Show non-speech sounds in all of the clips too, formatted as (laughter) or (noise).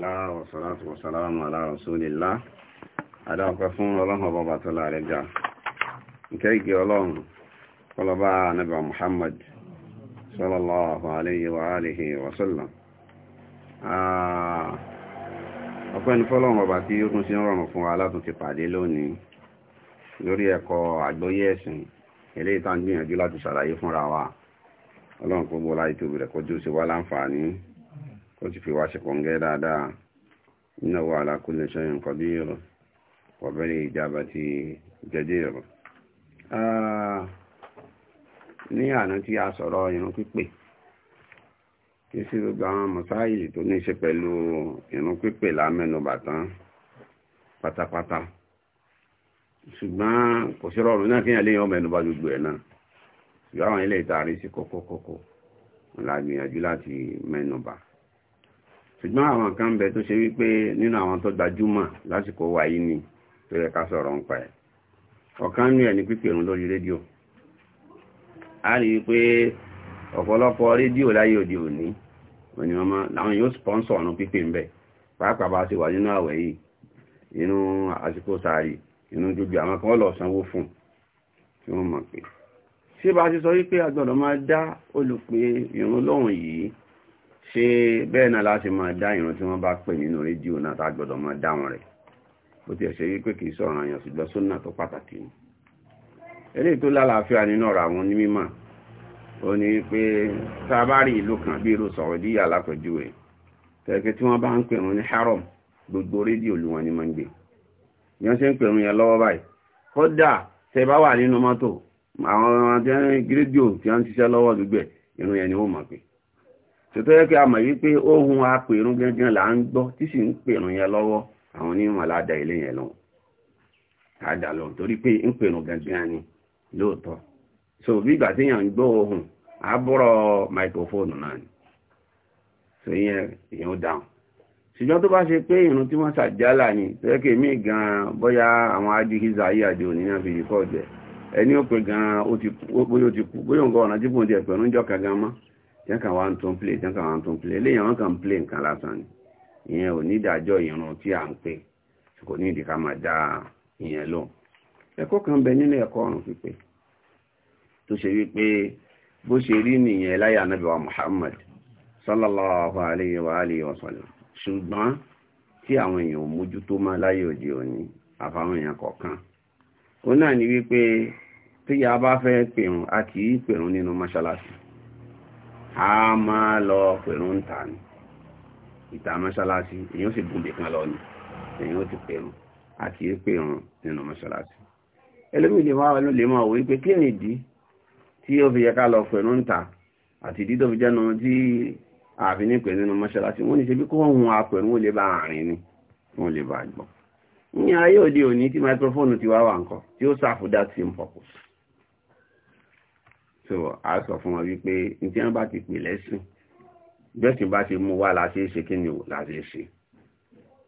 alhamdulillah wa salatu wa salamu ala rasulillah fun fún ọlọ́run ọba bàtọ́lá rẹ̀ nke nkẹ́ igi ọlọ́run kọlọba nabi muhammad sallallahu alayhi wa alihi wa sallam ah, ọpẹ́ ní fọ́lọ́run ọba tí ó tún sí rọrùn fún wa látún ti pàdé lónìí lórí wa wa ó ti fi wá ṣe kọ̀ǹgẹ́ dáadáa innahu ala kulli shay'in qadir wa bil ijabati jadir ní àná tí a sọ̀rọ̀ irun pípè kí sí gbogbo àwọn mọ̀sáìlì tó ní ṣe pẹ̀lú irun pípè lámẹ́nubà tán pátápátá ṣùgbọ́n kò sí rọrùn náà kíyàn léyàn mẹ́nubà gbogbo ẹ̀ náà ṣùgbọ́n àwọn ilé ìtàrí sí kókókókó lágbìyànjú láti mẹ́nubà ṣùgbọ́n àwọn kan bẹ tó ṣe wípé nínú àwọn tó gbajúmọ̀ lásìkò wà yìí ni tó yẹ ká sọ̀rọ̀ ń pa ẹ̀ ọ̀kan ní ẹni pípè òun lórí rédíò a rí i pé ọ̀pọ̀lọpọ̀ rédíò láyé òde òní òní ọmọ làwọn yóò sponsor ọ̀nà pípè ń bẹ̀ pàápàá bá ti wà nínú àwẹ̀ yìí inú àsìkò sàárì inú gbogbo àwọn kan lọ sanwó fún tí wọ́n mọ̀ pé ṣé bá ti sọ wípé a máa dá olùpè ìrún lọ́hùn yìí ṣé bẹ́ẹ̀ náà láti máa dá ìran tí wọ́n bá pè nínú rédíò náà tá gbọ́dọ̀ máa dá wọn rẹ̀ bó ti ẹ̀ṣẹ́ wípé kìí sọ̀rọ̀ àyàn ṣùgbọ́n sónà tó pàtàkì ni eléyìí tó lálàáfíà nínú ọ̀rọ̀ àwọn onímọ̀ ó ní pé tá a bá rí ìlú kan bí irú Saudiya lápẹjúwe tẹ̀kẹ́ tí wọ́n bá ń pèrún ní haram gbogbo rédíò lù wọn ni máa ń gbé bí wọ́n ṣe ń pèrún yẹn lọ́wọ́ báyìí kódà tẹ bá wà nínú mọ́tò àwọn rédíò tí wọ́n ń ṣiṣẹ́ lọ́wọ́ gbígbẹ̀ irun yẹn ni ó mọ̀ pé tòtò yẹ kí a mọ̀ wípé ohun apèrún gẹ́gẹ́ là ń gbọ́ tí sì ń pèrún yẹn lọ́wọ́ àwọn onímọ̀ aládà ilé yẹn lọ àdà lọ torí pé ń pèrún gẹ́gẹ́ ni so bí ìgbà tí ohun àbúrò microphone náà ni so ihe ìyẹn ó dáhùn ṣùgbọ́n tó bá ṣe pé ìrún tí wọ́n ṣàjálà ni tó kí èmi gan-an bóyá àwọn adihiza ayé àjò òní náà fi yìí jẹ ẹni ó pe gan-an ó ti kú tí wọ́n kàn wá ń tún plé tí wọ́n kàn wá ń tún plé eléyìí wọ́n kàn ń plé nǹkan lásán ni ìyẹn ò ní ìdájọ́ ìrun tí à ń pè tí kò ní ìdí ká máa dá ìyẹn lò ẹ̀kọ́ kan bẹ nínú ẹ̀kọ́ ọ̀run pípé tó ṣe wípé bó ṣe rí nìyẹn láyé ànábì Muhammad sallallahu alayhi wa alihi wa sallam ṣùgbọ́n tí àwọn èèyàn ò mójútó máa láyé òde òní àfàwọn èèyàn kọ̀ọ̀kan ó náà ní wípé tíyà bá fẹ́ pèrún a kì í pèrún nínú mọ́ṣáláṣí a máa lọ pẹ̀rún ta ni ìta mọ́ṣáláṣí èyí ó sì gùn bìkan lọ ni èyí ó ti pẹ̀rún a kì í pẹ̀rún nínú mọ́ṣáláṣí ẹlẹ́mìí lè máa lè máa wò wípé kí nìdí tí ó fi yẹ ká lọ pẹ̀rún ta àti ìdí tó fi jẹ́nu tí àfi ní pẹ̀lú nínú mọ́ṣáláṣí wọ́n ní ṣe bí kó wọ́n hun apẹ̀rún ó lè bá àárín ni wọ́n lè bá gbọ́ ní ayé òde òní tí microphone ti wá wà nǹkan tí ó sáfù dá sí purpose so a sọ fún wọn wípé ní tí wọ́n bá ti pè lẹ́sìn bẹ́sìn bá ti mú wá láti ṣe kí ni ò láti ṣe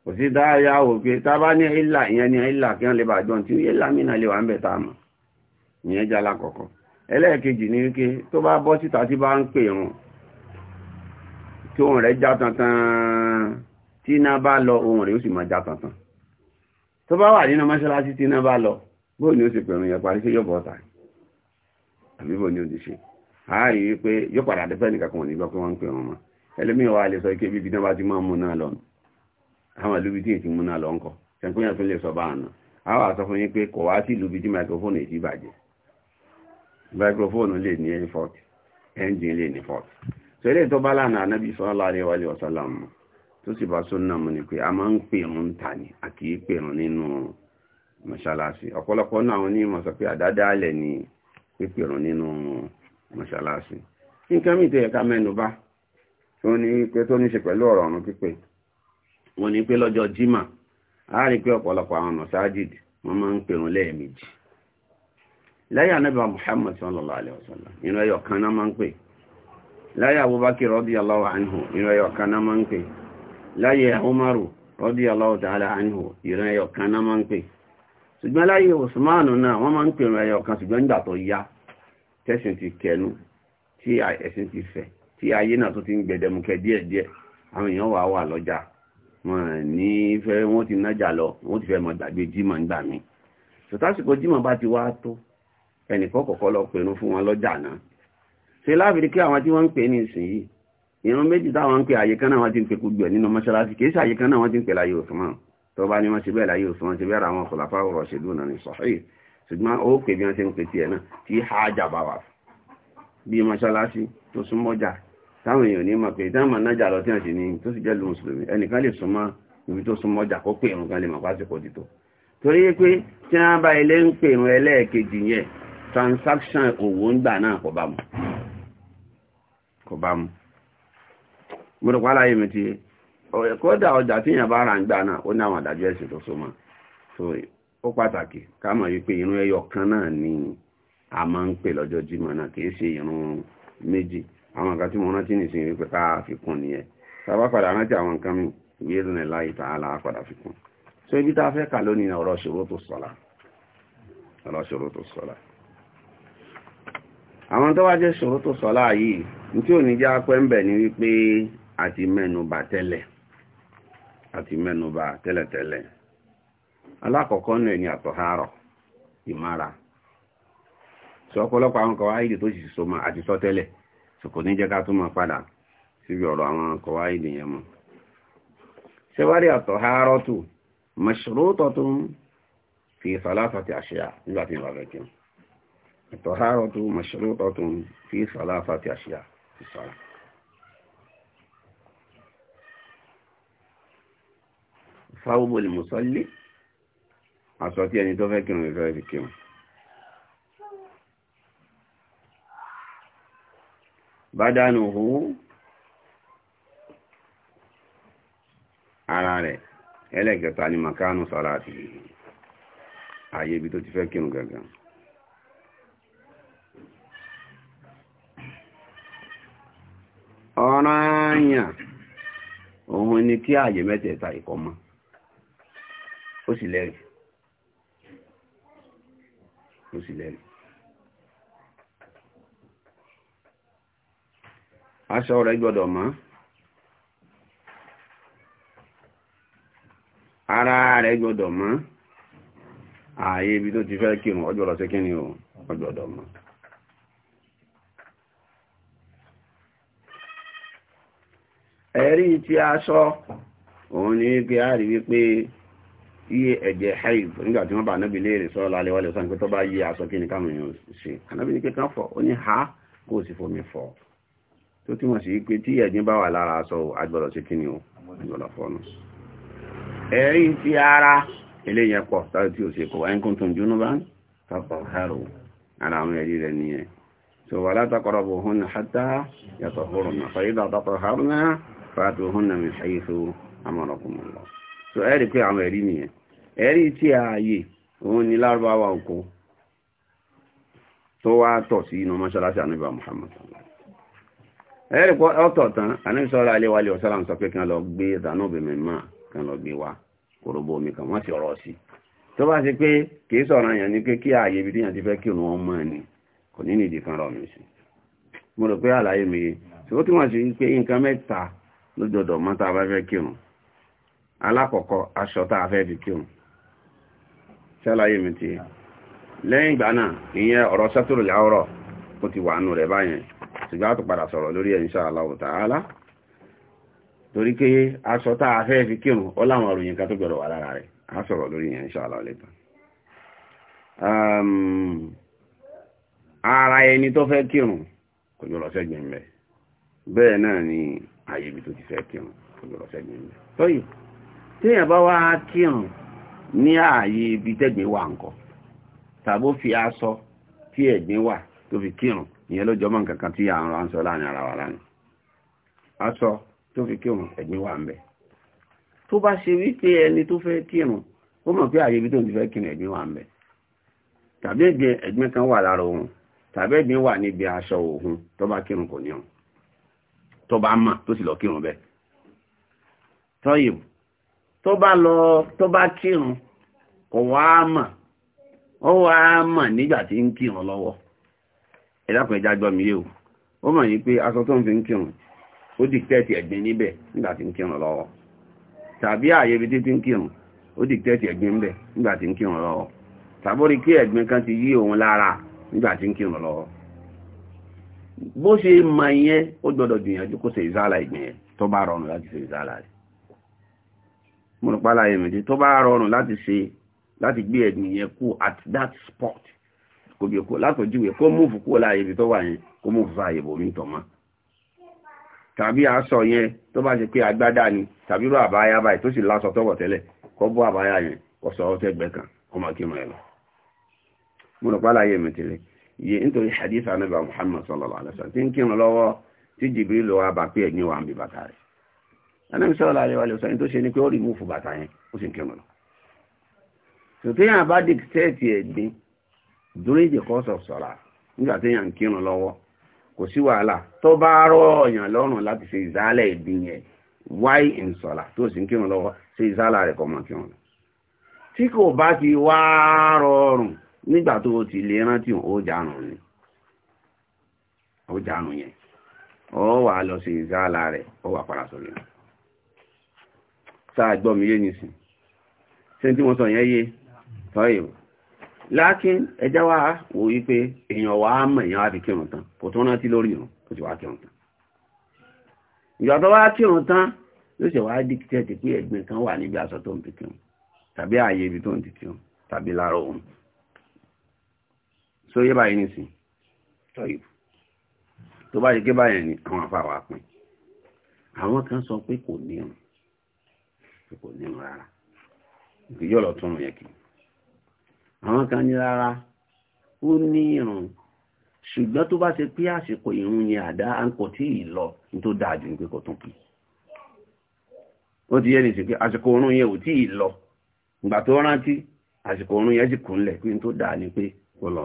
kò sí dáyà wò pé tá bá ní ìlà ìyẹn ní ìlà kí wọ́n lè bá jọ tí ìlà mìíràn lè wà ń bẹ̀ tá a mọ̀ ìyẹn jẹ́ alákọ̀ọ́kọ́ ẹlẹ́ẹ̀kejì ni wípé tó bá bọ́ síta tí bá ń pè wọn tí òun rẹ̀ já tantan tí iná bá lọ ohun rẹ̀ ó sì máa já tantan tó bá wà nínú mọ́ṣáláṣí tí iná bá lọ bóò ni ó sì pẹ̀rùn yẹn parí sí yọ̀bọ̀ ọ̀tà yìí àbíbò ní òdìṣe àárí wípé yóò padà dẹ́fẹ́ nìkan kan nígbà pé wọ́n ń pè wọn mọ́ ẹlẹ́mìí wa lè sọ ike bíbi náà bá ti máa ń lọ àwọn ìlú bíi tí èsì lọ tó lè sọ bá àná fún yín pé kò wá sí ìlú bíi microphone bàjẹ́ microphone so ilé tó bá lánàá anábì sallallahu alaihi wa sallam tó sì bá mu ni pé a a kì í pèrún nínú ọ̀pọ̀lọpọ̀ pípẹ̀rún nínú mọ́ṣáláṣí nǹkan mìí tó yẹ ká mẹ́nubà tó ní pé tó ní ṣe pẹ̀lú ọ̀rọ̀ ọ̀run pípé wọ́n ní pé lọ́jọ́ jimá a pé ọ̀pọ̀lọpọ̀ àwọn mọ̀sájìd wọ́n máa ń pèrún lẹ́ẹ̀mejì Muhammad sallallahu alaihi wasallam inú ẹyọ kan náà máa ń pè Abubakar inú ẹyọ kan náà máa ń pè Umaru inú ẹyọ kan náà máa ń pè ṣùgbọ́n tẹ́sìn ti kẹnu tí ẹ̀sìn ti fẹ̀ tí ayé náà tó ti ń gbẹdẹmukẹ díẹ̀díẹ̀ àwọn èèyàn wà wà lọ́jà wọn ní fẹ́ wọ́n ti nájà lọ wọ́n ti fẹ́ mọ gbàgbé jímọ̀ ń gbà mí sọtásìkò jímọ̀ bá ti wá tó ẹnìkan kọ̀kọ́ lọ pẹ̀rún fún wọn lọ́jà náà ṣe láàbìrí kí àwọn tí wọ́n ń pè ní ìsìn yìí ìran méjì táwọn ń pè àyè kan náà wọ́n ti ń pè gbogbo nínú mọ́ṣáláṣí kì í ṣàyè kan náà wọ́n ti ń pè láyé òfin tó bá ní wọ́n ṣe bẹ́ẹ̀ láyé òfin ṣe bẹ́ẹ̀ ra àwọn kòlàfà ọ̀rọ̀ ṣèlú náà ní sọ̀hìn ṣùgbọ́n ó pè bí wọ́n ṣe ń pè tiẹ̀ náà tí hájà bá wà bí mọ́ṣáláṣí tó súnmọ́jà táwọn èèyàn ní mọ̀ pé dáàmà nájà lọ tí wọ́n sì ní tó sì jẹ́ lu mùsùlùmí ẹnìkan lè súnmọ́ ibi tó súnmọ́jà kó pè irun kan lè mọ̀ pásìkò dìtò torí pé tí wọ́n bá ilé ń pè irun ẹlẹ́ẹ̀kejì yẹn transaction owó ń gbà náà kò bá mu kò bá mu gbọ́dọ̀ pàálà yìí mi ti kódà ọjà tí èèyàn bá ra ń gbà náà ó ní àwọn àdájọ́ ẹ̀sìn tó so ó pàtàkì káàmà wípé irun ẹyọ kan náà ni a ma ń pè lọ́jọ́ jímọ̀ náà kìí ṣe irun méjì àwọn nǹkan tí mo rántí nìsín wípé ká fi kún nìyẹn sábà padà rántí àwọn nǹkan mi ìwé ìrìnlẹ̀ láì padà fi kún so ibi tá a fẹ́ kà lónìí ni ọ̀rọ̀ ṣòro tó ọ̀rọ̀ ṣòro tó àwọn tó wá jẹ́ ṣòro tó ni wípé àti tẹ́lẹ̀ àti alákọ̀ọ́kọ́ náà ni àtọ̀hárọ̀ ìmára sọ ọ̀pọ̀lọpọ̀ àwọn kọ̀wáìdì tó sì so mọ́ àti sọ tẹ́lẹ̀ sọ kò ní jẹ́ ká tún máa padà síbi ọ̀rọ̀ àwọn kọ̀wáìdì yẹn mọ́ ṣẹ́wárí àtọ̀hárọ̀ tù mọ̀ṣúrútọ̀ tó ń fi sàlásàtì àṣíyà nígbà tí wọ́n fẹ́ kí àtọ̀hárọ̀ tù mọ̀ṣúrútọ̀ tó ń fi sàlásàtì àṣíyà ti sọ̀rọ̀ fáwọn olùmùsọ́lé aṣọ tí ẹni tó fẹ́ kírun ìfẹ́ fi kírun bádánù hù ara rẹ̀ ẹlẹ́gẹ̀ta ni makánù sọ́láàtì ààyè ibi tó ti fẹ́ kírun gangan ọ̀ranyàn òun ni kí ààyè mẹ́tẹ̀ẹ̀ta ìkọ́mọ́ ó sì lẹ́rìí ló sì lẹ́nu. aṣọ rẹ̀ mọ́ ara rẹ̀ gbọ́dọ̀ mọ́ ààyè ibi tó ti fẹ́ kírun ọjọ́ ni o ọgbọ́dọ̀ mọ́ ẹ̀rí aṣọ òun ni pé a rí wípé iye ẹ̀jẹ̀ haif nígbà tí wọ́n bá anábì léèrè sọ́rọ̀ lálẹ́ wọlé sọ́rọ̀ pé tó bá yí aṣọ kí ni káwọn èèyàn ṣe anábì ní pé kán fọ̀ ó ní ha kó o sì fomi fọ̀ tó túmọ̀ sí pé tí ẹ̀jẹ̀ bá wà lára aṣọ agbọ̀dọ̀ sí kí ni o agbọ̀dọ̀ fọ́nù. ẹ̀rí ti ara eléyẹn pọ̀ táwọn tí o ṣe kọ̀ wáyé kún tó ń jóná bá ń tapọ̀ haro ara àwọn ẹ̀rí rẹ̀ nìyẹn tó wà látàkọ̀rọ̀ bò hún hátà yàtọ̀ hóró so ẹ rí pé àwọn ẹ̀rí nìyẹn ẹ̀rí tí ààyè òun ni lárúbáwá oko tó wá tọ̀ sí inú mọ́ṣáláṣí àníbà Muhammad ẹ̀rí pé ọ̀tọ̀ tán àníbísọ́ra ilé wálé ọ̀sálàm sọ pé kan lọ gbé ìdánáàbì kan lọ gbé wa kòròbó omi kan wọ́n sì ọ̀rọ̀ sí tó bá ṣe pé kìí sọ̀rọ̀ yẹn ni pé kí ààyè ibi ti fẹ́ kí òun ọmọ ni kò ní nìdí kan sí mo rò pé àlàyé mi ṣùgbọ́n tí wọ́n ṣe pé nǹkan mẹ́ta mọ́ta bá alákọ̀ọ́kọ́ aṣọ tá a fẹ́ fi kírun ṣàlàyé mi ti lẹ́yìn ìgbà náà ìyẹn ọ̀rọ̀ sẹ́tùrù láwọ́rọ̀ ó ti wà nù rẹ̀ báyẹn ṣùgbọ́n a tó padà sọ̀rọ̀ lórí ẹ̀ insha Allah ta'ala torí pé aṣọ tá a fẹ́ fi kírun ó láwọn òròyìn kan tó gbọ́dọ̀ wà lára rẹ̀ a sọ̀rọ̀ lórí ẹ̀ insha Allah lẹ́tà ara ẹni tó fẹ́ kírun kò jọ sẹ́gbẹ̀ẹ́ bẹ́ẹ̀ náà ni àyèbí tó ti fẹ́ kírun kò jọ sẹ́gbẹ̀ẹ́ bẹ́ẹ̀ téèyàn bá wá kírun ní ààyè ibi tẹ́gbìn wà nǹkan tàbó fi aṣọ tí ẹ̀gbìn wà tó fi kírun ìyẹn ló jọmọ́ nǹkan kan tí àrùn aṣọ láàrin ara wa lánàá aṣọ tó fi kírun ẹ̀gbìn wà ń bẹ tó bá ṣe wípé ẹni tó fẹ́ kírun ó mọ̀ pé ààyè ibi tó ń ti fẹ́ kírun ẹ̀gbìn wà ń bẹ tàbí ẹ̀gbìn kan wà lára òun tàbí ẹ̀gbìn wà níbi aṣọ òun tó bá kírun kò ní tó bá mọ̀ tó sì lọ kírun bẹ́ẹ̀ tọ́yìí tó bá lọ tó bá kírun kò wá mọ̀ ó wá mọ̀ nígbà tí ń mi o ó mọ̀ yí pé aṣọ tó ń fi ń kírun ó dìtẹ́ẹ̀tì ẹ̀gbin níbẹ̀ nígbà tí ń kírun lọ́wọ́ tàbí ààyè ibi títí ń kírun ó dìtẹ́ẹ̀tì ẹ̀gbin níbẹ̀ nígbà tí ń kírun lọ́wọ́ tàbórí kí ẹ̀gbin kan ti yí òun lára nígbà tí ń kírun lọ́wọ́ bó ṣe mọ ìyẹn ó múnupálá èmìtì tó bá rọrùn láti ṣe láti gbé ẹ̀gbìn yẹn kú at that spot kò bí lati látọ̀júwe kó múfù kúrò láàyè ibi tó wà yẹn kó múfù sáàyè bòmí tọ̀mọ́ tàbí aṣọ yẹn tó bá ṣe pé agbádá ni tàbí ró àbáyá báyìí tó sì láṣọ tọ́wọ̀ tẹ́lẹ̀ kó bọ́ àbáyá yẹn kó sọ ọ́ tẹ́gbẹ́ kan kó máa lọ. tẹ́lẹ̀ nítorí hadith anabi muhammad sallallahu tí ń kírun lọ́wọ́ tí anábì sọ́rọ̀ àríwá lè sọ́yìn tó ṣe ní pé ó rí múfù bàtà yẹn ó sì ń kírun lọ sòtéyàn bá dìkítẹ́ẹ̀tì ẹ̀gbin during the course of sọ̀rọ̀ nígbà téèyàn ń kírun lọ́wọ́ kò sí wàhálà tó bá rọ̀ ọ̀yàn lọ́rùn láti ṣe ìzálẹ̀ ẹ̀gbin yẹn why in sọ̀rọ̀ tó sì ń kírun lọ́wọ́ ṣe ìzálà rẹ̀ kọ́ mọ́ kírun lọ tí kò bá ti wá rọrùn nígbà tó ti lè rántí ó jánu ni ó jánu yẹn ó wà lọ sí ìzálà rẹ̀ ó wà padà sórí náà sáà gbọ́ mi yé nìsìn ṣe tí wọ́n sọ yẹn yé tọ́yìn lákín ẹjá wá wò wípé èèyàn wà á mọ̀ èèyàn á fi kírun tán kò tó rántí lórí ìrun kò sì wá kírun tán ìgbà tó wá kírun tán ló ṣe wá dìkítẹ́ẹ̀tì pé ẹ̀gbin kan wà níbi aṣọ tó ń fi kírun tàbí ààyè ibi tó ń ti kírun tàbí lára òun so yé báyìí nìsìn tọ́yìn tó bá yẹ kí báyẹn ni àwọn àfa wà pín àwọn kan sọ pé kò ní ìrun kò nínú rárá yóò lọ tún un yẹn kì àwọn kan ní rárá ó ní irun ṣùgbọ́n bá ṣe pé àsìkò irun àdá à ń lọ ní tó dáa jù ní pé kò ti yẹ ní àsìkò irun yẹn ò tí lọ ìgbà tó rántí àsìkò irun yẹn sì kúnlẹ̀ pé ní tó dáa ni pé kò lọ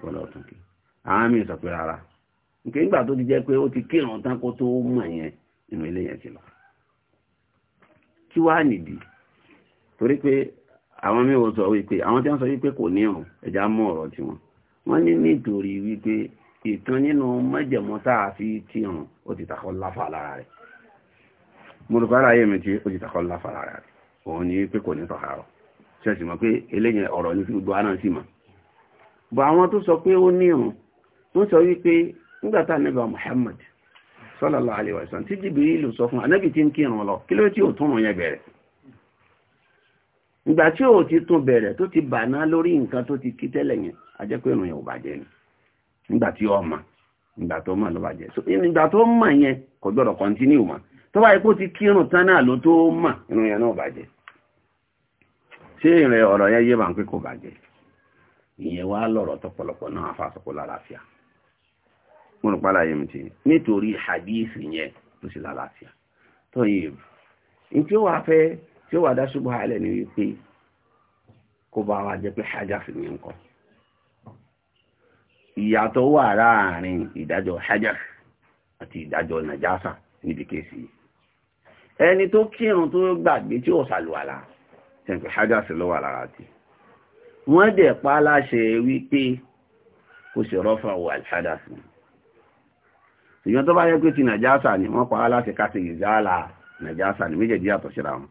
kò lọ tún kì àwọn míì sọ pé rárá ti jẹ́ pé ó ti kírun tán kó tó kí wá nìdí torí pé àwọn mi ò sọ wípé àwọn tí wọ́n sọ wípé kò ní ọ̀rùn ẹ̀já mọ́ ọ̀rọ̀ tiwọn wọ́n ní nítorí wípé ìkan nínú mẹ́jẹ̀mọ́ tá a fi ti hàn ó ti takọ́ láfà lára rẹ̀ mo rò kára ayé mi tí ó ti takọ́ láfà lára rẹ̀ òun ni wípé kò ní tọ̀hárọ̀ ṣẹ́sì mọ̀ pé eléyìn ọ̀rọ̀ ní fi gbogbo aná sí mọ̀ bọ̀ àwọn tó sọ pé ó ní ọ̀rùn wọ́n sọ wípé nígbà tá nígbà Muhammad sallallahu alaihi wasallam tí Jibrilu sọ fún anábì tí ń kírun lọ kí ló tí ò túnrùn bẹ̀rẹ̀ ìgbà tí ò ti tún bẹ̀rẹ̀ tó ti bana lórí nǹkan tó ti kí tẹ́lẹ̀ yẹn ajẹ́pẹ́ ìrùn ò bàjẹ́ ni nígbà tí ó mà nígbà tó mà ló bàjẹ́ so tó mà yẹn kò gbọ́dọ̀ kọ́ntínú mà tó bá yẹ kó ti tán náà ló tó mà náà bàjẹ́ ṣé ìrìn ọ̀rọ̀ yẹn yé mo rò pàlà yẹn ti nítorí hadith yẹn tó sì lálàáfíà tó yẹ ní tí ó wà fẹ́ tí ó wà dá ṣubú alẹ́ ni wípé kó bá wa jẹ́ pé hajjafi ní nǹkan ìyàtọ̀ wà láàrin ìdájọ́ hajjafi àti ìdájọ́ nàjásà níbi kéèsì ẹni tó kírun tó gbàgbé tí ó sàlùwàlà tẹ̀kù hajjafi ló wà lára ti wọ́n dẹ̀ pa láṣẹ wípé kó sì rọ́fà wà hajjafi ṣùgbọ́n tó bá yẹ pé ti nàjásà ni wọ́n pa á láti ká ti ìzálà nàjásà ni méjèèjì yàtọ̀ síra wọn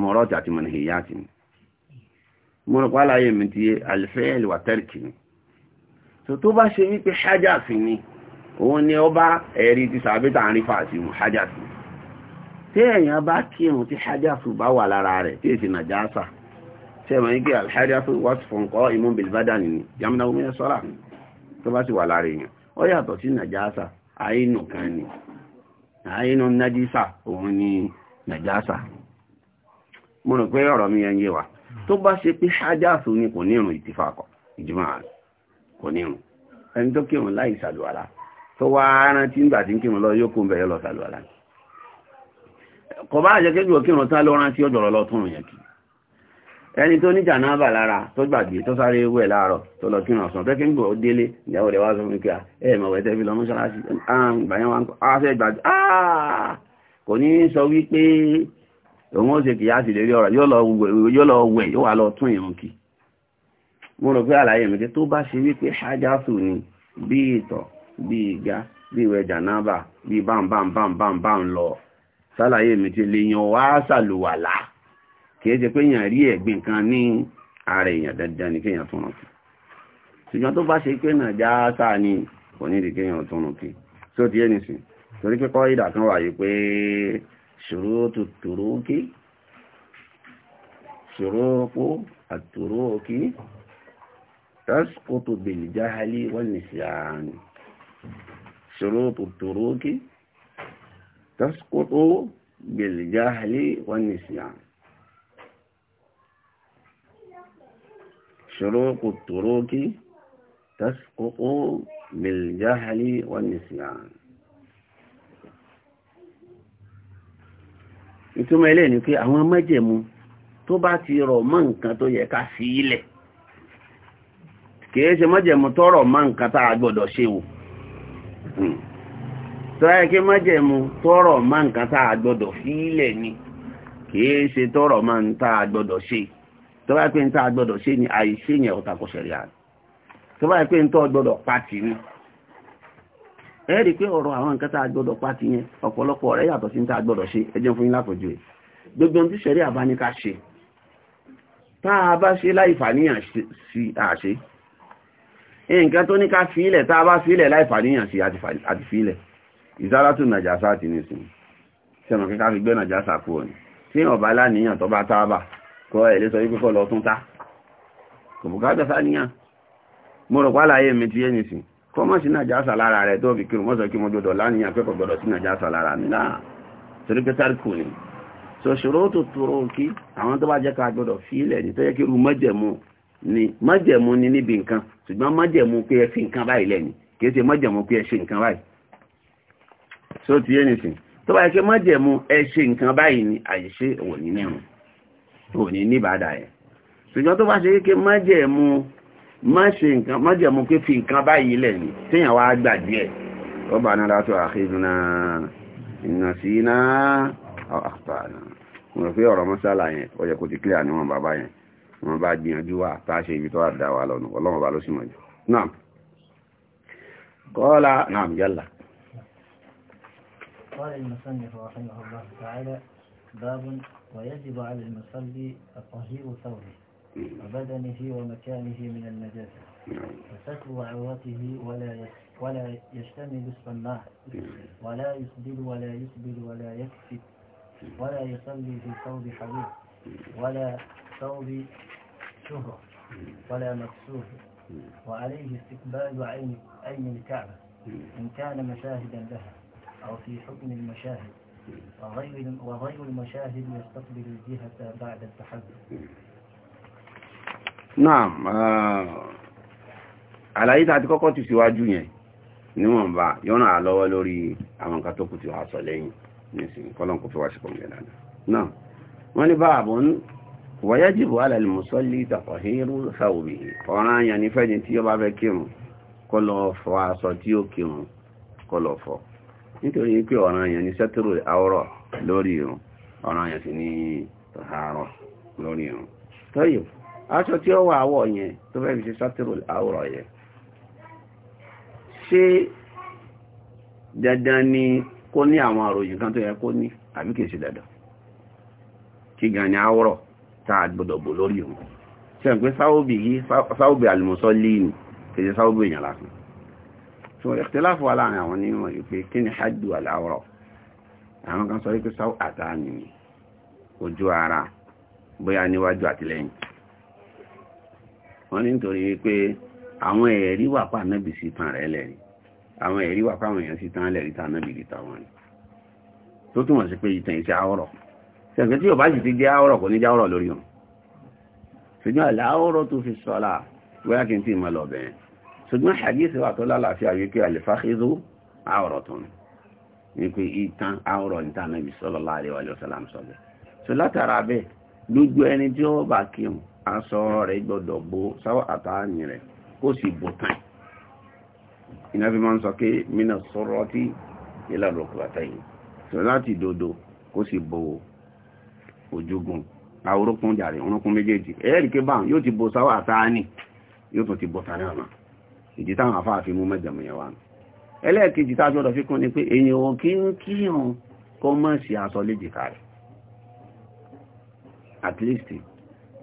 mọ̀rọ́tì àti mọ̀nìhìyàtì ni mo rò pa láyé mi ti alifẹ́ẹ̀lì wà tẹ́rìkì ni so tó bá ṣe wípé hajjasi ni òun ni ọba ẹ̀rí ti sàbẹ́tà ń rí fàásì mu hajjasi tí èèyàn bá kírun tí hajjasi bá wà lára rẹ̀ tí èsì nàjásà sẹ́wọ̀n yìí kí alhajjasi wọ́n fún kọ́ imú bá sì wà lára èèyàn ó yàtọ̀ sí àínù kan ni àínù nájísà òun ni nàjásà mo rò pé ọ̀rọ̀ mi yẹn yé wa tó bá ṣe pé ṣájáàsù ni kò nírun ìtìfàkọ̀ ìjùmọ̀ kò nírun ẹni tó kírun láì ṣàlùwàlá tó wá rántí nígbà tí ń kírun lọ yóò kó ń bẹ̀rẹ̀ lọ ṣàlùwàlá kò bá jẹ́ kéjù kírun tán ló rántí ọjọ́rọ̀ lọ tún yẹn kìí ẹni tó ní jànáàbà lára tó gbàgbé tó sáré wẹ̀ láàárọ̀ tó lọ kírun ọ̀sán tẹ́kí ń gbọ́ délé ìyàwó rẹ̀ wá sọ fún kí a ẹ̀ mọ̀ wẹ̀ tẹ́fi lọ mọ́ṣáláṣí ah, ìgbàyẹn wa ń kọ́ àṣẹ ah, ìgbàgbé ah, kò ní sọ wípé òun ó ṣe kìí á sì lérí ọ̀rọ̀ yóò lọ wẹ̀ yóò wà lọ tún ìrun kì mo rò pé àlàyé mi tó bá ni lọ kìí ṣe pé èèyàn rí ẹ̀gbìn kan ní ààrẹ èèyàn dandan ní kéèyàn tọrọ kí ṣùgbọ́n tó bá ṣe pé náà já sáà ní kò ní kéèyàn ti yé nìsín torí pé kọ́ ìdà kan wà yìí pé wọ́n ní شروق التروك تسقط بالجهل والنسيان ìtumọ̀ ilé ni pé àwọn májẹ̀mú tó bá ti rọ̀ mọ́ nǹkan tó yẹ ká fi ilẹ̀ kìí ṣe májẹ̀mú tó rọ̀ mọ́ nǹkan tá a gbọ́dọ̀ ṣe wò tó kí májẹ̀mú tó mọ́ nǹkan tá a gbọ́dọ̀ fi ilẹ̀ ni kìí ṣe tó mọ́ nǹkan tá a gbọ́dọ̀ ṣe tó bá pé ń tá gbọ́dọ̀ ṣe ni àìṣe yẹn ọ̀tà kò ṣẹ̀rí àná tó bá pé ń tọ́ gbọ́dọ̀ pàtì ni ẹ rí i pé ọ̀rọ̀ àwọn nǹkan tá gbọ́dọ̀ pàtì yẹn ọ̀pọ̀lọpọ̀ rẹ̀ yàtọ̀ sí ń tá gbọ́dọ̀ ṣe ẹjẹ́ fún yín lápọ̀jù ẹ̀ gbogbo ohun tí ṣẹ̀rí àbá ní ká ṣe tá a bá ṣe láì fàníyàn sí àṣe nǹkan tó ní ká fílẹ̀ tá a bá fílẹ̀ láì fàníyàn sí àti fílẹ̀ ìsárátù nàjàsá àti nìsín sẹ́nu kíkà fi gbé nàjàsá kúrò ní tí ọ̀bá láníyàn tó bá tábà kọ́ ẹ̀ lè sọ wípé kọ́ lọ tún ta kò bùkátà sáníyàn mo rò pàlàyé mi ti yé nìsín kọ́ mọ́ sí nàjásà lára rẹ̀ tó fi kírun mọ́sọ̀ kí mo gbọdọ̀ láníyàn pé gbọdọ̀ sí nàjásà lára mi náà torí pé tárìkù ni so ṣòro tó tóró kí àwọn tó bá jẹ́ ká gbọdọ̀ fi ilẹ̀ ní tó yẹ kí irú mọ́jẹ̀mú ni mọ́jẹ̀mú ni níbi nǹkan ṣùgbọ́n mọ́jẹ̀mú pé ẹ fi nǹkan báyìí lẹ́ni kìí ṣe mọ́jẹ̀mú pé ẹ ṣe nǹkan báyìí so ti yé nìsín tó bá yẹ kí mọ́jẹ̀mú ẹ ṣe nǹkan báyìí ni àyíṣe òwò nínú ò ní níbàdà yẹn ṣùgbọ́n tó bá ṣe kéke májẹ̀mú má ṣe nǹkan májẹ̀mú pé fi nǹkan báyìí lẹ̀ ni téèyàn wá gbà díẹ̀ Rabbana la tu'akhidhna in nasina aw akhta'na mo rò pé ọ̀rọ̀ mọ́sálà yẹn ó yẹ kó ti clear ni wọn bàbá yẹn wọn bá gbìyànjú wa tá a ṣe ibi tó wà dá wa lọ́nu ọlọ́run bá ló sì mọ̀ jù náà kọ́ọ́lá náà yálà. قال المصنف رحمه باب ويجب على المصلي تطهير ثوبه وبدنه ومكانه من النجاسة نعم. وستر عورته ولا ولا يشتمل الصناع ولا يسبل ولا يسبل ولا يكفي ولا يصلي في ثوب حبيب نعم. ولا ثوب شهرة نعم. ولا مكسور وعليه استقبال عين عين الكعبة إن كان مشاهدا لها أو في حكم المشاهد وغير المشاهد يستقبل الجهة بعد التحدث náà àlàyé tàbí kọ́kọ́ ti síwájú yẹn níwọ̀nba yọ́nà àlọ́wọ́ lórí àwọn nǹkan tó kù ti wà sọ lẹ́yìn nísìnyí kọ́lọ́n kò fi wá sí pọ̀mìlẹ̀ dáadáa náà wọ́n ní bá àbọ̀n wọ́yájìbò alàlùmọ́sọ́lì tàfọ̀hírú sàwòbì ọ̀ràn yẹn ní fẹ́ni tí ó bá kírun kó fọ aṣọ tí ó kírun kó lọ nítorí pé ọ̀ràn èèyàn ní sẹ́tìrò àwọ̀rọ̀ lórí irun ọ̀ràn èèyàn sì ní tọ̀hárọ̀ lórí irun tọ́yọ̀ aṣọ tí ó wà àwọ̀ yẹn tó fẹ́ fi ṣe sẹ́tìrò àwọ̀rọ̀ yẹn ṣé dandan ni kó ní àwọn àròyìn kan tó yẹ kó ní àbí kìí ṣe dandan kí gan ni àwọ̀rọ̀ tá a gbọdọ̀ bò lórí irun ṣe ń pé sáwọ́bì yìí sáwọ́bì àlùmọ́sọ́ líì ni kìí so ìkìtìláfù wà láàrin àwọn onímọ̀ yìí pé kí ni hajjú aláwọ̀rọ̀ àwọn kan sọ wípé sáwọ́ àtàánì ni ojú ara bóyá níwájú àtìlẹ́yìn wọ́n ní nítorí wípé àwọn ẹ̀rí wà pa nábì sí tan rẹ̀ lẹ́rí àwọn ẹ̀rí wà pa àwọn èèyàn sí tan lẹ́rí tan nábì rí tàwọn ni tó túmọ̀ sí pé ìtàn iṣẹ́ àwọ̀rọ̀ sẹ̀kẹ́ tí yóò bá sì ti jẹ́ àwọ̀rọ̀ kò ní jáwọ̀rọ̀ lórí wọn ṣùgbọ́n àláwọ̀rọ̀ tó fi sọ́la bóyá kí n tí ì mọ lọ bẹ̀rẹ̀ ṣùgbọ́n hadith wà tó lálàáfíà wípé àlèfáhízó àwọ̀rọ̀ tó ní wípé ìtàn àwọ̀rọ̀ ìtàn Ànábì sallallahu alaihi wasallam sọ́lẹ̀ so látara bẹ́ẹ̀ lójú ẹni tí ó bá kírun aṣọ rẹ̀ gbọ́dọ̀ bó sáwọ́ àtàánì rẹ̀ kó sì bó tán iná fi máa ń sọ pé mina sọ̀rọ̀ tí ìlànà òkú àtẹ̀yìn so láti dodo kó sì bó ojúgun àwòrókún jàre orúnkún méjèèjì ẹ̀ẹ́rì kébà yóò ti bó sáwọ́ àtàánì yóò tún ti bó tán náà ìdí táwọn afáàfin mú mẹ́jẹ̀mú yẹn wà nù ẹlẹ́ẹ̀kejì tá a gbọ́dọ̀ fi kún ni pé èèyàn wọn kí ń kírun kó mọ̀ sí aṣọ léjìká rẹ̀ at least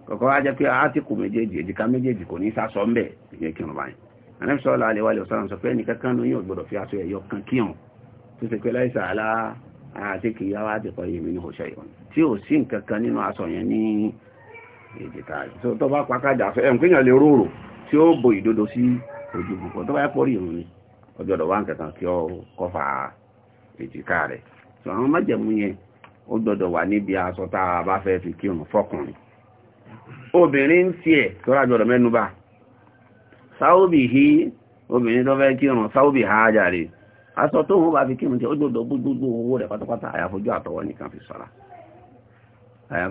kọ̀kọ́ wá jẹ́ pé átíkù méjèèjì èjìká méjèèjì kò ní sásọ ń bẹ̀ ìyẹn kírun báyìí anẹ́bísọ́lá alẹ́ wálé ọ̀sán sọ pé ẹnìkankan ní yóò gbọ́dọ̀ fi aṣọ ẹ̀yọ kan kírun tó ṣe pé láìsà alá àti kìyà wá ti kọ yèmí ní òṣè yìí tí ò sí nǹkan nínú aṣọ yẹn ní èjìká tó bá pàkàjà ẹ̀ ojú púpọ̀ tó bá yẹ kórì ni ọjọ́ ọ̀dọ̀ wá nǹkan kí ọ kọfà èjìká rẹ̀ tó àwọn májẹ̀mú yẹn ó gbọ́dọ̀ wà níbi aṣọ a bá fi kírun fọkùnrin obìnrin ń hí obìnrin tó fẹ́ kírun há tó wọn bá fi pátápátá àyàfojú nìkan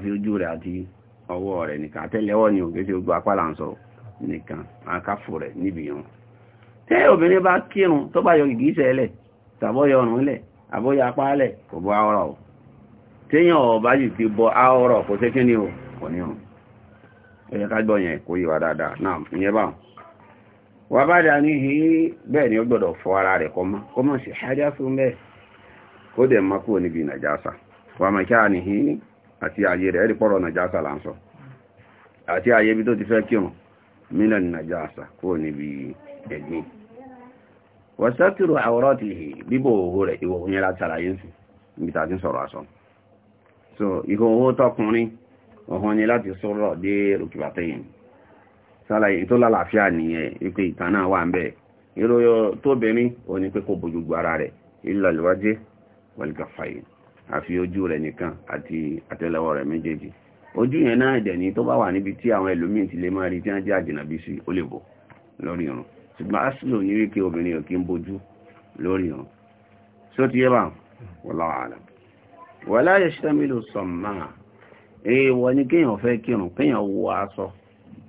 fi àti nìkan ni òkè nìkan àkáfò rẹ̀ níbi tẹ́ obìnrin bá kírun tó bá yọ gìgísẹ̀ lẹ̀ tàbọ́yọ ọ̀rùn lẹ̀ àbóyọ apá lẹ̀ kò bọ́ bọ kò kò ní o ó ká gbọ́ yẹn kò yíwa dáadáa náà ìyẹn wà ni ó gbọ́dọ̀ fọ ara rẹ̀ kọ́ mọ́ kó mọ̀ sí fún bẹ́ẹ̀ kó dẹ̀ má kúrò a ní hí àti rẹ̀ mílọ̀ nàjọ àṣà kúrò níbi ẹ̀gbìn wọ́sátìrò àwọ̀rọ̀ ti hì bíbò iwo rẹ̀ ìwọ̀ òyìn látara yìí sí ibi so ìhò òhò tọkùnrin ọ̀hún ni láti sọ̀rọ̀ dé rùkìbàtẹ́yìn sálàyé tó lálàáfíà nìyẹn wípé ìtàn náà wà ń bẹ̀ ìròyìn tóbìnrin ò ní pé kó bojú gbọ́ ara rẹ̀ ìlọ̀lẹ́wájé wọ̀lgàfàyè àfi ojú re nìkan ojú yẹn náà dẹ̀ ní tó bá wà níbi tí àwọn ẹlòmíì ti lè máa rí tí wọ́n jẹ́ àjìnàbí sí ó lè bọ̀ lórí irun ṣùgbọ́n asìlò ní wípé obìnrin ò kí ń bojú lórí irun só ti yẹ bá wallahu a'lam wala yashtamilu sọ̀mà èèwọ̀ ni kéèyàn fẹ́ kírun kéèyàn wọ aṣọ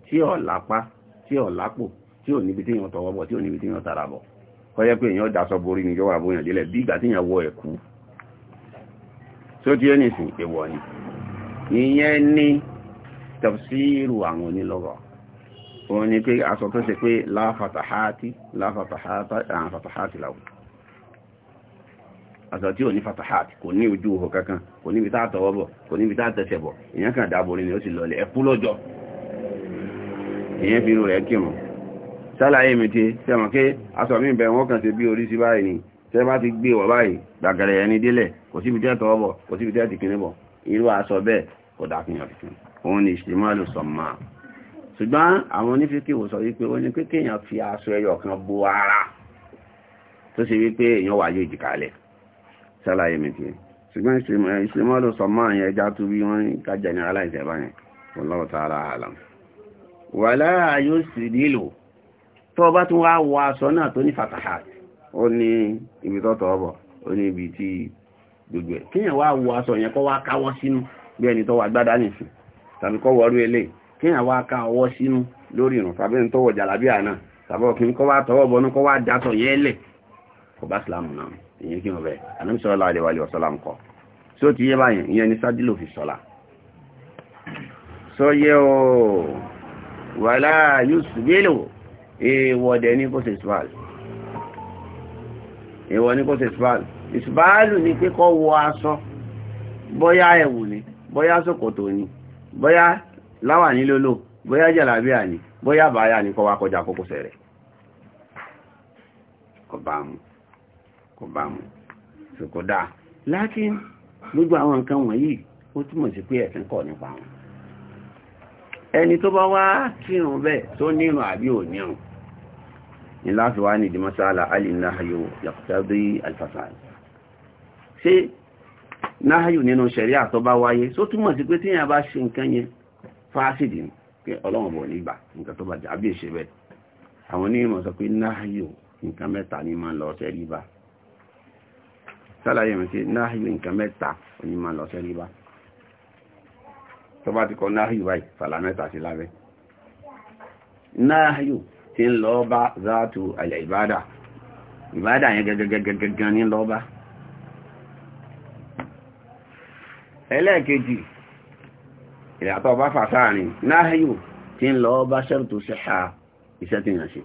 tí ò lápá tí ò lápò tí ò níbi téèyàn tọwọ́ bọ̀ tí ò níbi téèyàn tara bọ̀ kọ́yẹ́ pé èèyàn daṣọ borí ni yóò wà bóyàn délẹ̀ bí ìgbà téèyàn wọ ẹ̀kú só ti yẹ nìsín èèwọ̀ ni ìyẹn ní tafsiru àwọn onílọ́gọ̀ wọ́n ni pé aṣọ tó ṣe pé láfàtàhátì láfàtàhátì láwùjọ aṣọ tí ò ní fàtàhátì kò ní ojú ohò kankan kò níbi tá àtọwọ́bọ̀ kò níbi tá àtẹsẹ̀bọ̀ ìyẹn kan dáborí ni ó sì lọlẹ̀ ẹkú lọ́jọ́ ìyẹn fi irú rẹ̀ kírun sálàyé mi ti sẹ́mọ̀ pé aṣọ mi bẹ̀rẹ̀ wọ́n kàn ṣe bí orí sí báyìí ni tẹ́ bá ti gbé wọ̀ báyìí gbàgẹ̀rẹ̀ irú aṣọ bẹ́ẹ̀ kò dákìyàn fi òun ni ìṣìmọ́lù sọ̀mà ṣùgbọ́n àwọn onífíkìwò sọ wípé ó ní pé kéèyàn fi aṣọ ẹyọ kan bo ara tó ṣe wípé èèyàn wà yóò jìkalẹ̀ ṣàlàyé mi tiẹ̀ ṣùgbọ́n ìṣìmọ́lù sọ̀mà yẹn ẹja tó bí wọ́n ká generalize ẹ̀bá yẹn wallahu ta'ala alam wàlá yóò sì nílò tó o bá tún wá wọ aṣọ náà tó ní fatahat ó ní ibi tó tọ́ bọ̀ ó ní ibi tí gbogbo ẹ̀ kéèyàn wá wo aṣọ yẹn kọ́ wá káwọ́ sínú bí ẹni tó wà gbádá nìsín tàbí kọ́ wọ́rú eléyìí kéèyàn wá ká ọwọ́ sínú lórí ìrùn tàbí ẹni tó wọ̀ jàlábíà náà tàbí ọkùnrin kọ́ wá tọwọ́ bọnú kọ́ wá dátọ̀ yẹn lẹ̀ kò bá sílámù náà ìyẹn kí wọn bẹ ànábì sallallahu alaihi wa sallam kọ́ tí ó ti yé báyẹn ìyẹn ni sádìlò fi sọ́la sọ yẹ o wàlá yusuf bélò èèwọ̀dẹ̀ ní kó ṣe sùwàlù ìwọ ní kó ṣe ìsìbáàlù ìsìbáàlù ni pé kó wọ aṣọ bóyá ẹ̀wù ni bóyá ṣòkòtò ni bóyá láwà ní lólò bóyá jàlábíà ni bóyá bàáyà ni kó wá kọjá kókósẹ̀ rẹ̀ kò bá mu kò bá mu so kò dáa ẹni tó bá wá kírun bẹ́ẹ̀ tó nírun àbí ò nírun láti wá ní ìdímọ́sáàlá alìnáhayò yàtàbí alfàṣàlì ṣe náhayò nínú ṣẹ̀rí àtọ́ bá wáyé só túmọ̀ sí pé tíyàn bá ṣe nǹkan yẹn fásidì pé ọlọ́run bọ̀ nígbà nǹkan tó bá jà bí ìṣe bẹ́ẹ̀ àwọn onímọ̀ sọ pé náhayò nǹkan mẹ́ta ni máa ń lọ ṣẹ́rí bá sálàyé mi sí náhayò nǹkan mẹ́ta ni máa ń lọ ṣẹ́rí bá tó bá ti kọ náhayò báyìí fàlà mẹ́ta sí lábẹ́ náhayò tí ń lọ bá záàtù àlẹ̀ ìbádà ìbádà yẹn gẹ́gẹ́gẹ́gẹ́gẹ́ ní lọ bá ẹlẹ́ẹ̀kejì ìyàtọ̀ bá fà sáàrin náhíyù tí ń lọ bá ṣẹ́rùtù ṣẹ́ṣà iṣẹ́ tí yàn ṣe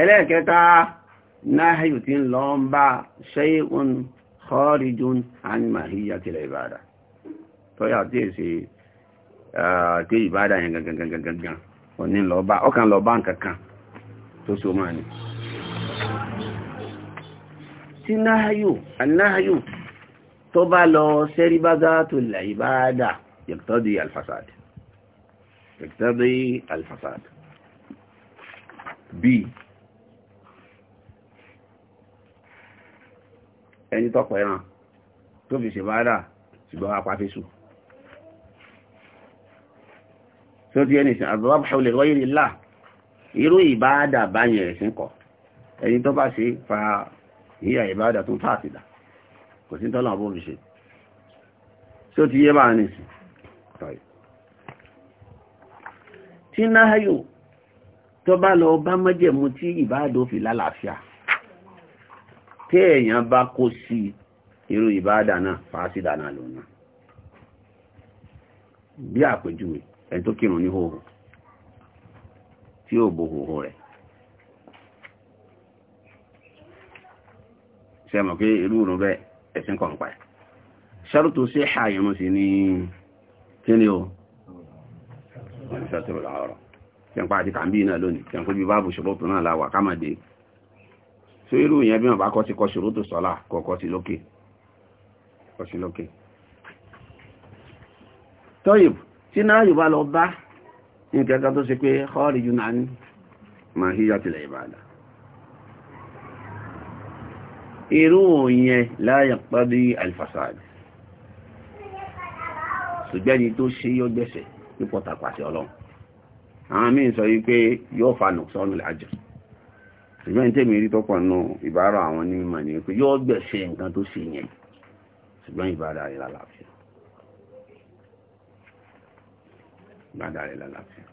ẹlẹ́ẹ̀kẹta náhíyù tí ń lọ bá ṣẹ́yìn kharijun an mahiyatil ìbádà tọ́yà tí èsì tí ah, ìbádà yẹn gangan òní lọ́ba ọkàn lọ́ba nkankan tó so máa ní tí náhayò anáhayò tó bá lọ sẹ́rí bá zá tó lẹ̀ ìbádà yẹ̀tọ́dí alfasad yẹ̀tọ́dí alfasad b ẹni tọ́pọ̀ ẹran tó fi ṣe bá dà ṣùgbọ́n apá fi sùn tó ti ẹni sìn àdúrábùsọ̀ lè rọ́yìn nílá irú ìbáadà báyẹn ẹ̀sìn kọ̀ ẹni tó bá ṣe fa ìyá ìbáadà tó fàtìdà kò sí tọ́lá ọbọ̀ òbí ṣe tó ti yé bá ní sí tí náhayò tó bá lọ bá mọ́jẹ̀mú tí ìbáadà fi lálàáfíà tí èèyàn bá kó sí irú ìbáadà náà fàásìdà náà lòun náà bí àpèjúwe ẹni kírun ní hòhò tí ò bo hòhò rẹ̀ ṣe pé irú òrùn bẹ́ ẹ̀sìn kọ̀ǹpa ẹ̀ ṣàrùtò sí ẹ̀ṣà ìrún sí ní kíni o wọ́n ti ṣàtúrò láọ̀rọ̀ kẹ́ǹpa àti kàmbí náà lónìí kẹ́ǹpa bí báàbù ṣòrótò náà láwà kámàdé tó irú ìyẹn bí wọ́n bá kọ́ ti kọ́ ṣòrótò sọ́lá kọ̀ọ̀kọ́ sí lókè tọ́yìbù tí náà yóò bá lọ bá ní kẹta tó ṣe pé kọ́ọ̀rì jù náà ní máa híyà tilẹ̀ ìbàdà irú òyìn láyà pàdé alifasadi ṣùgbẹ́ni tó ṣe yóò gbẹ̀ṣẹ̀ ní pọ̀tàpàṣẹ ọlọ́run àwọn míì sọ wípé yóò fa nùsọ́nù lájọ ṣùgbọ́n tẹ́mi rí tọ́pọ̀ nù ìbára àwọn onímọ̀ ni pé yóò gbẹ̀ṣẹ̀ nǹkan tó ṣe yẹn ṣùgbọ́n ìbára ìlàlàfíà gbádà rẹ̀ lálàáfíà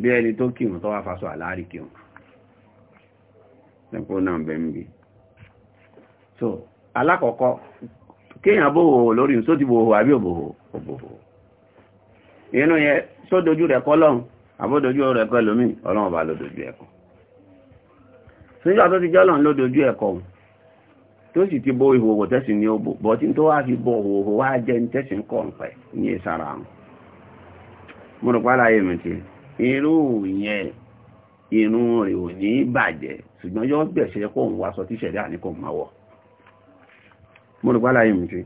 bí ẹni tó kírun tó wá faṣọ àlárí ẹ̀kọ́ náà bi so alákọ̀ọ́kọ́ kéèyàn bòhò lórí ní sóti bòhò àbí òbòhò inú yẹ sódojú rẹ̀ kọ́ àbódojú rẹ̀ kọ́ ọlọ́run bá lódojú ẹ̀kọ́ síjọ́ tó sì ti bo ìhòòhò tẹ́sìn ní òbò bọ́tí tó wá fi bo òhòhò wá jẹ́ ní tẹ́sìn kọ́ ń pẹ̀ mo rò páláyé mi ti irú yẹn inú rẹ̀ ò ní bàjẹ́ ṣùgbọ́n yóò gbẹ̀ṣẹ́ kó ń wá sọ tí ṣẹ̀dá ní kò máa wọ̀ mo rò páláyé mi ti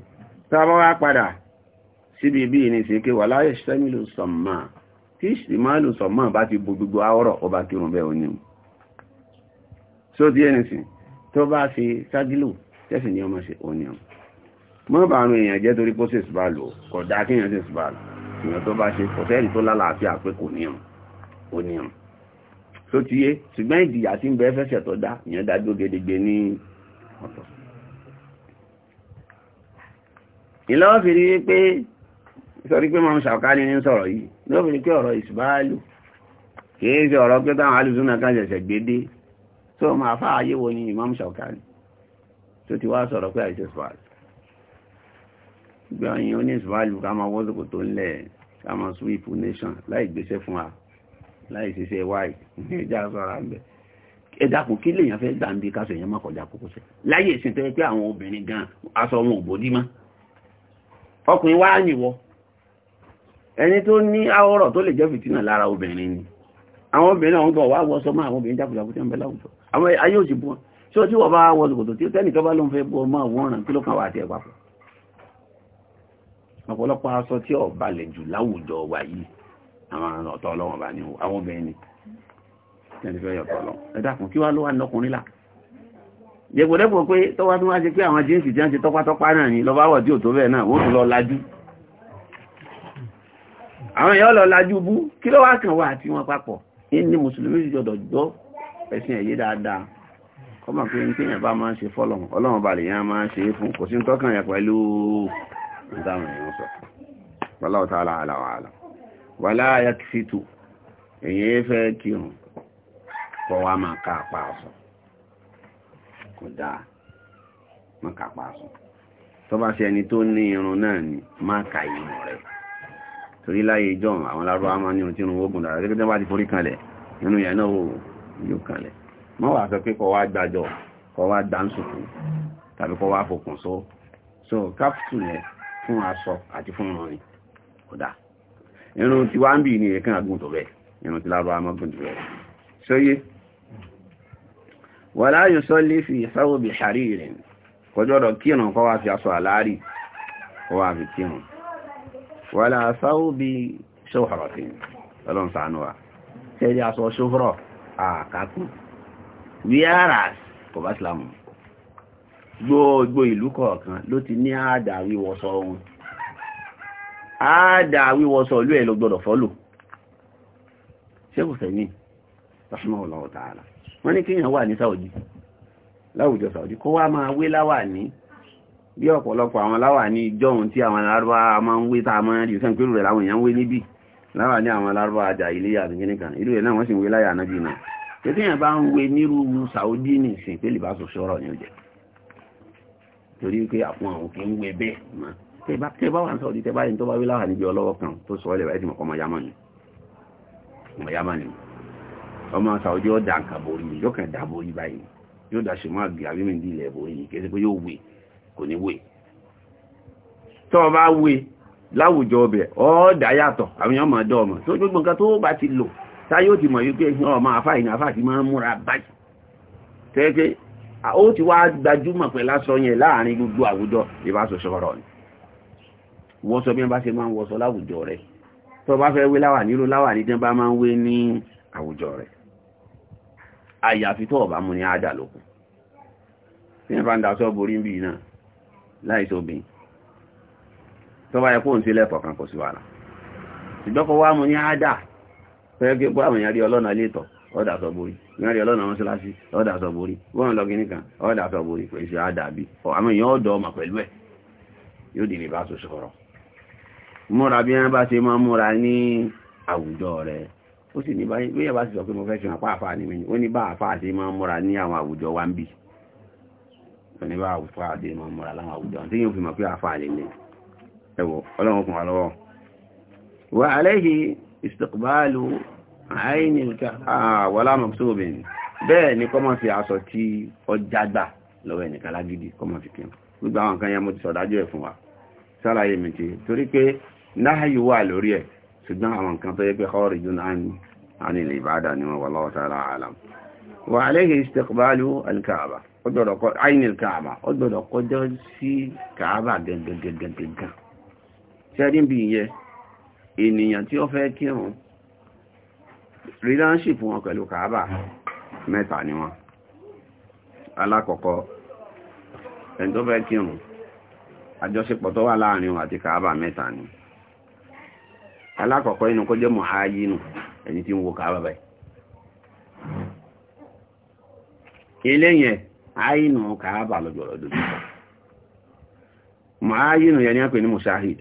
tábọ́ wá padà síbi bí ní sí kí wà láyé sẹ́mìlù sọ̀mà tí ìsìmọ́lù sọ̀mà bá ti bo gbogbo àwọ̀rọ̀ ọba kírun bẹ́ẹ̀ èèyàn jẹ́ torí pósìs bá lò kódà kéèyàn bá lò ìyẹn tó bá ṣe kọ̀tẹ́ẹ̀lì tó lálàáfíà pé kò ní ọ̀n ó ní ọ̀n tó ti yé ṣùgbọ́n ìdìyà tí ń bẹ fẹ́sẹ̀ tó dá ìyẹn dájú gédégbé ní ọ̀tọ̀ ìlọ́wọ́ fi rí pé sọrí pé máa ń ṣàkálí ní sọ̀rọ̀ yìí ló fi rí pé ọ̀rọ̀ ìsìbáàlù kìí ṣe ọ̀rọ̀ pé táwọn alùsùnà kan ṣẹ̀ṣẹ̀ gbédé tó máa fáàyè wo ni ìmáàmù ṣàkálí tó ti wá sọ̀rọ̀ pé àìsèṣbáàlù gbé ọyìn oníṣ value ká máa wọ́sọ̀kò tó ń lẹ̀ ká máa sweep nation láì gbéṣẹ́ fún wa láì ṣiṣẹ́ wáì (laughs) ẹjá sọ́ra ń bẹ̀ ẹ̀dàkùn kí lèèyàn fẹ́ gbà ń bí kásọ̀ èèyàn má kọjá kókó sẹ́ láyé ìsìn tó yẹ pé àwọn obìnrin gan aṣọ wọn ò bòdí mọ́ ọkùnrin wá nìwọ ẹni tó ní àwòrán tó lè jẹ́ fìtínà lára obìnrin ni àwọn obìnrin àwọn bọ̀ wá wọ́sọ máa àwọn obìnrin jákùjákù ọ̀pọ̀lọpọ̀ aṣọ tí ó balẹ̀ jù láwùjọ wa yìí àwọn ọ̀tọ̀ ọlọ́wọ̀n bá ní àwọn obìnrin ni ẹni fẹ́ yọ̀tọ̀ ọlọ́ ẹ̀dàkùn kí wá ló wà lọ́kùnrin là dẹ̀pọ̀dẹ́pọ̀ pé tọ́wá tó wá ṣe pé àwọn jíǹsì jẹ́ ń ni lọ́ba wọ̀ tí ò tó bẹ́ẹ̀ náà wọ́n lọ lajú àwọn èèyàn lọ lajú bú kí ló wá kàn wá àti wọn papọ̀ yín ní mùsùlùmí sì jọdọ̀ gbọ́ ẹ̀sìn ẹ̀yẹ dáadáa kọ́mọ̀ pé ní téèyàn bá máa ń ṣe ìdáhùn èèyàn sọ wallahu ta'ala àlàwà àlà wà láàyà kìsìtù èyí fẹ́ kírun kọ wá máa ká apá àṣọ kò dáa máa ká apá àṣọ tó bá ṣe ẹni tó ní irun náà ni máa ka irun rẹ̀ torí láyé ìjọ àwọn lárúbá máa ní irun ogun dára gẹ́gẹ́ bá ti forí kanlẹ̀ nínú yẹn náà yóò kanlẹ̀ mọ́ wà sọ pé kọ wá gbàjọ kọ wá dáńsùkú tàbí kọ wá fokùn só so capsule yẹn fún aṣọ àti fún ọ̀rìn kódà irun tí wá ń bì ní ẹ̀kan àgùn tó bẹ̀ irun tí lábọ́ amọ́gùn tó bẹ̀ sóyé wà láyé sọ lé fi sáwọ́ bí ṣàrí rẹ̀ kọjọ́dọ̀ kírun kọ́ wá fi aṣọ àlárí kọ́ wá fi kírun wà láyé sáwọ́ bí ṣòhọ̀rọ̀ gbogbo ìlú kọ̀ọ̀kan ló ti ní àádà wíwọsọ wọn àádà wíwọsọ ìlú ẹ̀ ló gbọ́dọ̀ fọ́lò ṣékù sẹ́yìn rahimahullahu ta'ala wọ́n ní kíyàn wà ní Saudi láwùjọ Saudi kó wá máa wé láwà ní bí ọ̀pọ̀lọpọ̀ àwọn láwà ní ìjọun tí àwọn alárúbá máa ń wé tá a máa ń rí sẹ́yìn pẹ̀lú rẹ̀ láwọn èèyàn ń wé níbí láwà ní àwọn alárúbá àjà ilé àbí kíníkan irú ẹ̀ náà wọ́n sì ń wé láyà náà bí náà tètè yẹn bá ń wé nírú Saudi nìsín pé lè bá so ṣọ́rọ̀ ní ọjọ́ torí pé àwọn àwọn kì ń wẹ bẹ́ẹ̀ mọ́ tẹ́ wà ń sọ̀rọ̀ tẹ́ bá tó bá wí láwà níbi ọlọ́wọ́ kan tó sọ ẹlẹ́wà ẹ̀sìn ọmọ yamá ni ọmọ yamá ni ọmọ sàwọ́jú yóò da nǹkan borí mi yóò kàn dá borí báyìí yóò da ṣùgbọ́n àgbè àbí mi di ilẹ̀ borí mi kìí ṣe pé yóò wé kò ní wé tọ́ ọ bá wé láwùjọ ọbẹ̀ ọ́ dà yàtọ̀ àwọn èèyàn máa dọ́ ọmọ tó gbogbo nǹkan tó bá ti lò táyé ó ó ti wá gbajúmọ̀ pẹ̀ lásọ yẹn láàrin gbogbo àwùjọ ìbáṣọṣọ́rọ̀ ni wọ́sọ bí wọ́n bá ṣe máa ń wọ́sọ láwùjọ rẹ̀ tó bá fẹ́ wé láwà nílò láwà ní jẹ́mbá máa ń wé ní àwùjọ rẹ̀ àyàfi tó ọ̀bá mú ní àádà lókun tí wọ́n bá ń daṣọ́ borí ń ọ̀dà sọ borí ìyàn rí ọlọ́nà mọ́sálásí ọ̀dà sọ borí wọ́n lọ gíní kan ọ̀dà sọ borí pẹ̀lú sí àdàbí àmọ́ èèyàn ọ̀dọ̀ ọmọ pẹ̀lú ẹ̀ yóò dì ní bá tó sọ̀rọ̀ múra bí wọ́n bá ṣe máa múra ní àwùjọ rẹ̀ ó sì ní báyìí bí yàrá sì sọ pé mo fẹ́ fi hàn pàápàá ní mi ó ní bá àfáà ṣe máa múra ní àwọn àwùjọ wa ń bì ó ní bá àfáà ṣe máa àìní ìta àwọlá mọ̀sóbìn bẹ́ẹ̀ ni kọ́mọ̀ fi aṣọ tí ọjà gbà lọ́wọ́ ẹnìkan lágídí kọ́mọ̀ fi kí gbogbo àwọn kan yẹn mo ti sọ̀dájú ẹ̀ fún wa sálàyé mi ti torí pé náàyù wà lórí ẹ̀ ṣùgbọ́n àwọn kan tó yẹ pé kọ́ọ̀rì jù náà ní ilẹ̀ ìbáadà ni wọ́n wà lọ́wọ́ relationship wọn pẹ̀lú kàábà mẹ́ta ni wọn alákọ̀ọ́kọ́ ẹni tó fẹ́ kírun àjọṣepọ̀ tó wà láàrin wọn àti kàábà mẹ́ta ni alákọ̀ọ́kọ́ inú kó jẹ́ mọ̀háyínú ẹni tí ń wo kàábà báyìí eléyẹn àyínú kàábà lọ́jọ́ lọ́dún ni pè ní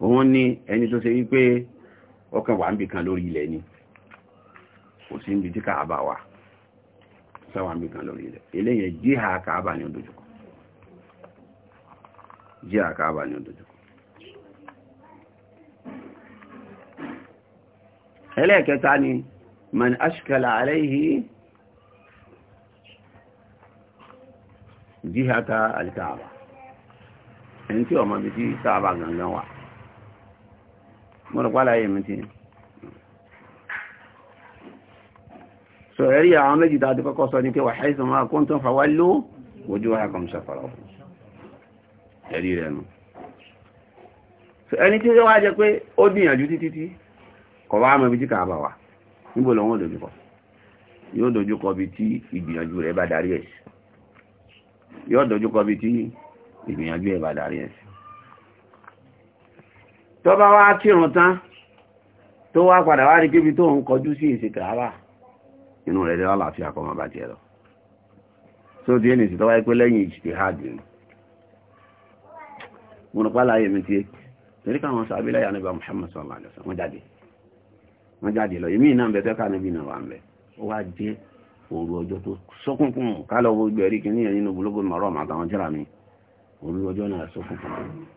òun ni ẹni tó ṣe wípé ọkàn wà ń bì kan lórí ilẹ̀ ni kò sí ibi tí kàábà wà sẹ́wà ń bì kan lórí ilẹ̀ ka jíhà kàábà ni ó ni ẹlẹ́ẹ̀kẹta ni man ashkala alayhi jíhà ka alkaaba ẹni tí ọmọ bí tí kàábà gangan wà mo rò pàlàyé mi ti so ẹ̀rí àwọn méjì tàbí kọ́kọ́ sọ ní pé wàháìsù máa kún tó fàwà ló ojú àkọm ṣàfàrà ẹ̀rí rẹ̀ nù so ẹni tí ó wá jẹ pé ó gbìyànjú títí tí kọ̀ wá mọ̀ ibi tí kàá bà wà níbo lọ́wọ́ dojúkọ yóò dojúkọ bí tí ìgbìyànjú rẹ̀ bá darí ẹ̀ yóò dojúkọ bí tí ìgbìyànjú rẹ̀ bá darí ẹ̀ sí tó bá wá kírun tán tó wá padà wá rí kébi tó ń kọjú sí èsì kàábà inú rẹ̀ lè lálàáfíà kọ́ bá tiẹ̀ lọ tó di ẹnìsì tó wáyé pé lẹ́yìn ìjìdìhádì ni mo rò pálá yẹmi tiẹ̀ torí káwọn sàbí láyà níbà Muhammad sallallahu alaihi wasallam wọ́n jáde wọ́n jáde lọ èmi náà ń bẹ fẹ́ ká níbi náà wà ń bẹ ó wá jẹ́ òru ọjọ́ tó sọ́kùnkùn kálọ̀ gbogbo ẹ̀rí kìíní ẹ̀ nínú gbogbo mọ̀rọ̀ àtàwọn jẹ́ra mi òru ọjọ́ náà sọ́kùnkùn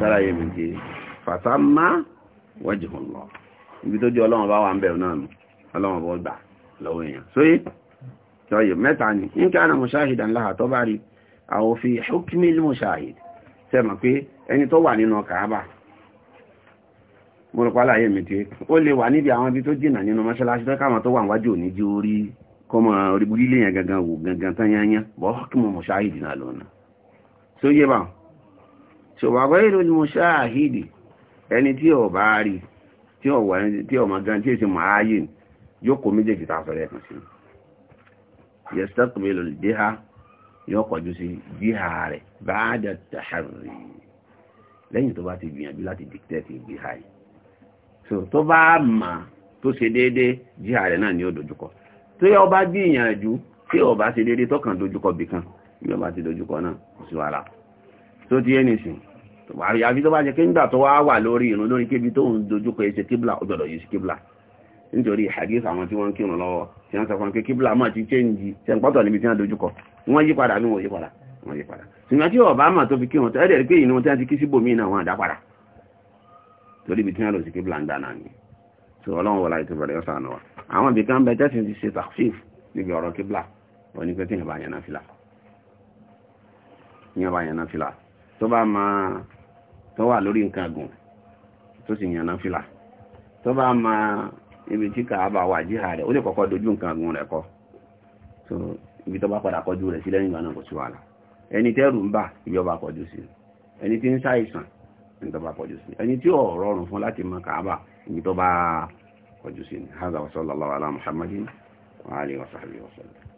sára yẹ mìí tí fàtàmà wọ́jìhùn lọ ibi tó jẹ́ ọlọ́run bá wà ń bẹ̀rù náà nù ọlọ́run bọ́ gbà lọ́wọ́ èèyàn sóyé tọ́yẹ mẹ́ta ni ní kí a na mọ̀ṣáhìdà ńlá àtọ́ bá rí àwọn fi ṣókímìlì mọ̀ṣáhìd pé ẹni tó wà nínú láyé mi ó lè wà níbi àwọn ibi tó jìnà nínú gangan wò gangan tán yányán bọ́ kí mo mọ̀ṣáhìd náà ṣòwàgbọ́ ìròyìn mo ṣáàhìdì ẹni tí ò bá rí tí ò wà tí ò mọ̀ gan tí èsì mọ̀ ayé yóò méjèèjì tá a sọ̀rọ̀ ẹ̀kan sí yẹ́sítẹ́kùnmí lòlì sí díhá rẹ̀ ti gbìyànjú láti dìkítẹ́tì díhá yìí so tó bá mà tó ṣe déédéé díhá ni ó dojúkọ tó yẹ ọba gbìyànjú tí ọba ṣe déédéé tó kàn dojúkọ bìkan bí ọba ti dojúkọ náà kò tó ti yé nìsín àbí tó bá jẹ́ kéńgbà tó wá wà lórí ìrun lórí kébí tó ń dojúkọ ẹsẹ̀ kíbla ó gbọ́dọ̀ yìí sí kíbla nítorí hadith àwọn tí wọ́n kírun lọ́wọ́ tí wọ́n sọ pé kíbla ti chẹ́ǹjì tẹ̀ǹpọ́tọ̀ níbi tí wọ́n dojúkọ wọ́n yí padà ní wọ́n yí padà wọ́n yí padà ṣùgbọ́n tí mà tó fi kírun tó ẹ̀dẹ̀ pé tó bá máa tó wà lórí nǹkan gùn tó sì yànnà fìlà tó bá máa ibi tí kàábà wà jíhà rẹ̀ ó lè kọ́kọ́ dojú nǹkan gùn rẹ̀ kọ́ so ibi tó bá padà kọjú rẹ̀ sí lẹ́yìn ìgbà náà kò sí wàhálà ẹni tẹ́rù ń bà ìjọba kọjú sí ẹni tí ń ṣàìsàn ẹni tó bá kọjú sí ẹni tí ò rọrùn fún láti mọ kàábà ibi tó bá kọjú sí ni hadha wa sallallahu ala muhammadin wa alihi wa sahbihi wa sallam